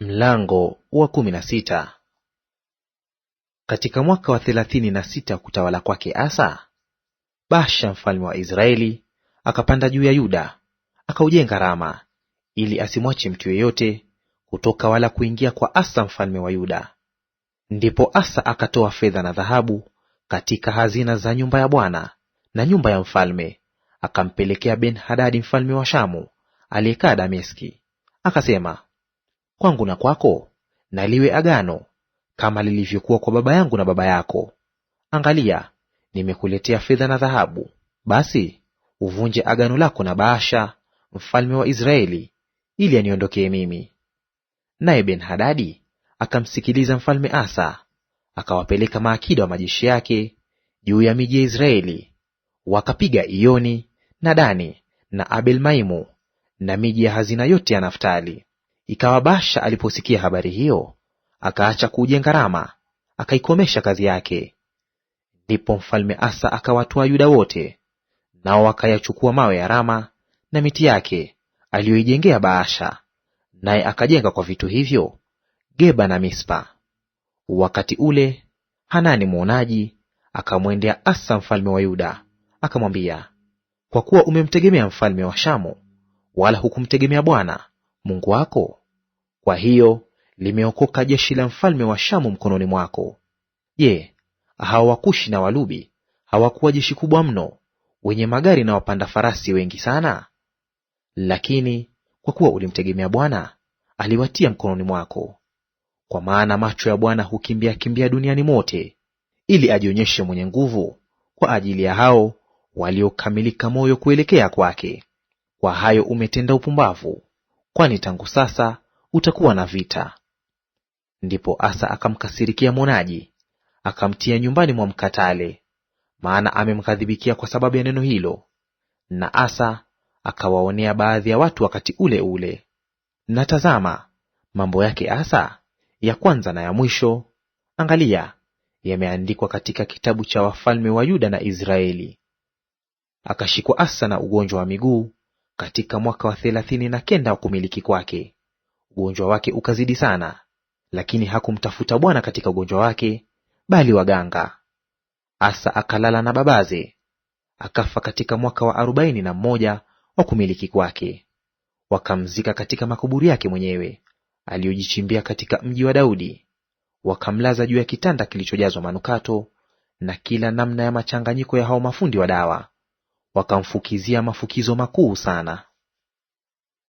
Mlango wa kumi na sita. Katika mwaka wa thelathini na sita kutawala kwake Asa, Baasha mfalme wa Israeli akapanda juu ya Yuda akaujenga Rama, ili asimwache mtu yeyote kutoka wala kuingia kwa Asa mfalme wa Yuda. Ndipo Asa akatoa fedha na dhahabu katika hazina za nyumba ya Bwana na nyumba ya mfalme, akampelekea Ben-Hadadi mfalme wa Shamu aliyekaa Dameski, akasema kwangu na kwako na liwe agano kama lilivyokuwa kwa baba yangu na baba yako. Angalia, nimekuletea fedha na dhahabu; basi uvunje agano lako na Baasha mfalme wa Israeli, ili aniondokee mimi. Naye Ben-Hadadi akamsikiliza mfalme Asa, akawapeleka maakida wa majeshi yake juu ya miji ya Israeli, wakapiga Ioni na Dani na Abel Maimu na miji ya hazina yote ya Naftali. Ikawa Baasha aliposikia habari hiyo, akaacha kuujenga Rama, akaikomesha kazi yake. Ndipo mfalme Asa akawatoa Yuda wote, nao wakayachukua mawe ya Rama na miti yake aliyoijengea Baasha, naye akajenga kwa vitu hivyo Geba na Mispa. Wakati ule Hanani mwonaji akamwendea Asa mfalme wa Yuda akamwambia, kwa kuwa umemtegemea mfalme wa Shamu, wala hukumtegemea Bwana Mungu wako, kwa hiyo limeokoka jeshi la mfalme wa Shamu mkononi mwako. Je, hawa Wakushi na Walubi hawakuwa jeshi kubwa mno, wenye magari na wapanda farasi wengi sana? Lakini kwa kuwa ulimtegemea Bwana, aliwatia mkononi mwako. Kwa maana macho ya Bwana hukimbia kimbia duniani mote, ili ajionyeshe mwenye nguvu kwa ajili ya hao waliokamilika moyo kuelekea kwake. Kwa hayo umetenda upumbavu, kwani tangu sasa utakuwa na vita. Ndipo Asa akamkasirikia mwonaji, akamtia nyumbani mwa mkatale, maana amemkadhibikia kwa sababu ya neno hilo. Na Asa akawaonea baadhi ya watu wakati ule ule. Na tazama, mambo yake Asa ya kwanza na ya mwisho, angalia, yameandikwa katika kitabu cha wafalme wa Yuda na Israeli. Akashikwa Asa na ugonjwa wa miguu katika mwaka wa thelathini na kenda wa kumiliki kwake, Ugonjwa wake ukazidi sana, lakini hakumtafuta Bwana katika ugonjwa wake, bali waganga. Asa akalala na babaze, akafa katika mwaka wa arobaini na mmoja wa kumiliki kwake. Wakamzika katika makaburi yake mwenyewe aliyojichimbia katika mji wa Daudi. Wakamlaza juu ya kitanda kilichojazwa manukato na kila namna ya machanganyiko ya hao mafundi wa dawa, wakamfukizia mafukizo makuu sana.